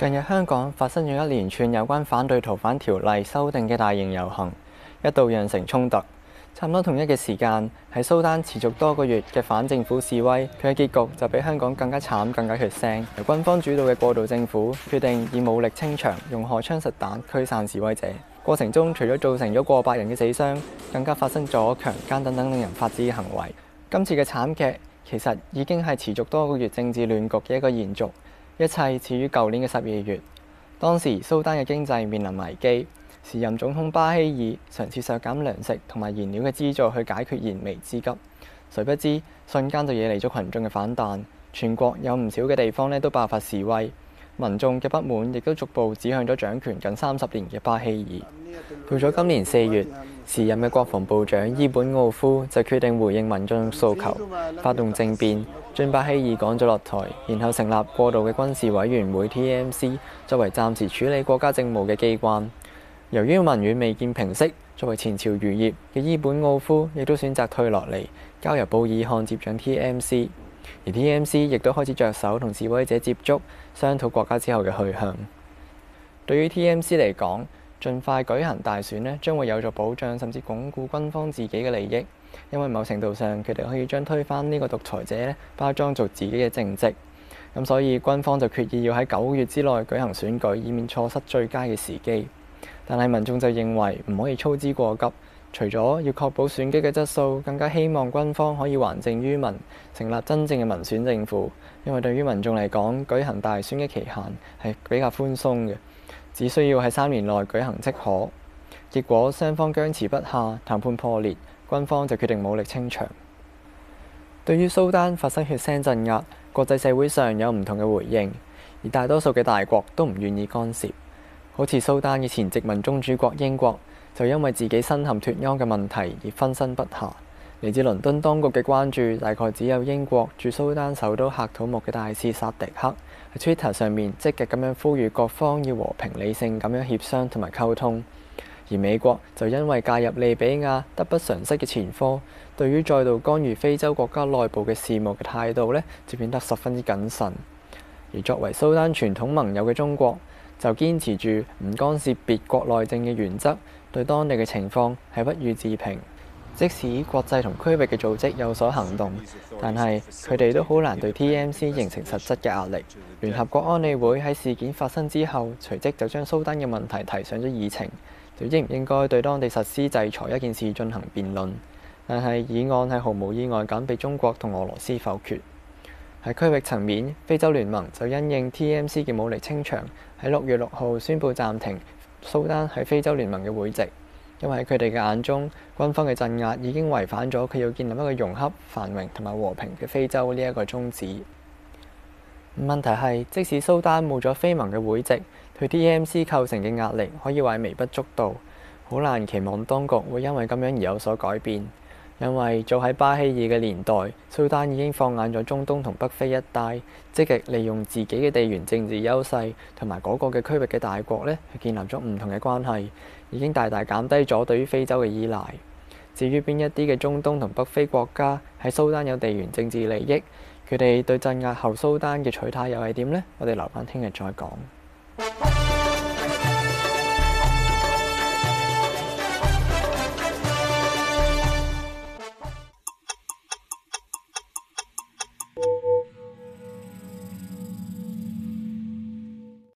近日香港發生咗一連串有關反對逃犯條例修訂嘅大型遊行，一度釀成衝突。差唔多同一嘅時間，喺蘇丹持續多個月嘅反政府示威，佢嘅結局就比香港更加慘，更加血腥。由軍方主導嘅過渡政府決定以武力清場，用荷槍實彈驅散示威者。過程中除咗造成咗過百人嘅死傷，更加發生咗強姦等等令人髮指嘅行為。今次嘅慘劇其實已經係持續多個月政治亂局嘅一個延續。一切始於舊年嘅十二月，當時蘇丹嘅經濟面臨危機，時任總統巴希爾嘗試削減糧食同埋燃料嘅資助去解決燃眉之急，誰不知瞬間就惹嚟咗群眾嘅反彈，全國有唔少嘅地方呢都爆發示威，民眾嘅不滿亦都逐步指向咗掌權近三十年嘅巴希爾。到咗今年四月，時任嘅國防部長伊本奧夫就決定回應民眾訴求，發動政變。將巴希爾趕咗落台，然後成立過渡嘅軍事委員會 TMC 作為暫時處理國家政務嘅機關。由於民怨未見平息，作為前朝餘孽嘅伊本奧夫亦都選擇退落嚟，交由布爾漢接掌 TMC。而 TMC 亦都開始着手同示威者接觸，商討國家之後嘅去向。對於 TMC 嚟講，盡快舉行大選呢，將會有助保障甚至鞏固軍方自己嘅利益，因為某程度上佢哋可以將推翻呢個獨裁者呢，包裝做自己嘅政績。咁所以軍方就決意要喺九月之內舉行選舉，以免錯失最佳嘅時機。但係民眾就認為唔可以操之過急，除咗要確保選舉嘅質素，更加希望軍方可以還政於民，成立真正嘅民選政府。因為對於民眾嚟講，舉行大選嘅期限係比較寬鬆嘅。只需要喺三年內舉行即可，結果雙方僵持不下，談判破裂，軍方就決定武力清場。對於蘇丹發生血腥鎮壓，國際社會上有唔同嘅回應，而大多數嘅大國都唔願意干涉，好似蘇丹以前殖民宗主國英國，就因為自己身陷脫歐嘅問題而分身不下。嚟自倫敦當局嘅關注，大概只有英國駐蘇丹首都喀土穆嘅大使薩迪克喺 Twitter 上面積極咁樣呼籲各方要和平理性咁樣協商同埋溝通。而美國就因為介入利比亞得不償失嘅前科，對於再度干預非洲國家內部嘅事務嘅態度呢，就變得十分之謹慎。而作為蘇丹傳統盟友嘅中國，就堅持住唔干涉別國內政嘅原則，對當地嘅情況係不予置評。即使國際同區域嘅組織有所行動，但係佢哋都好難對 TMC 形成實質嘅壓力。聯合國安理會喺事件發生之後，隨即就將蘇丹嘅問題提上咗議程，就應唔應該對當地實施制裁一件事進行辯論。但係議案係毫無意外咁被中國同俄羅斯否決。喺區域層面，非洲聯盟就因應 TMC 嘅武力清場，喺六月六號宣布暫停蘇丹喺非洲聯盟嘅會籍。因為喺佢哋嘅眼中，軍方嘅鎮壓已經違反咗佢要建立一個融洽、繁榮同埋和平嘅非洲呢一個宗旨。問題係，即使蘇丹冇咗非盟嘅會籍，對 D.M.C 構成嘅壓力可以話微不足道，好難期望當局會因為咁樣而有所改變。因為早喺巴希爾嘅年代，蘇丹已經放眼咗中東同北非一帶，積極利用自己嘅地緣政治優勢，同埋嗰個嘅區域嘅大國呢，建立咗唔同嘅關係，已經大大減低咗對於非洲嘅依賴。至於邊一啲嘅中東同北非國家喺蘇丹有地緣政治利益，佢哋對鎮壓後蘇丹嘅取態又係點呢？我哋留翻聽日再講。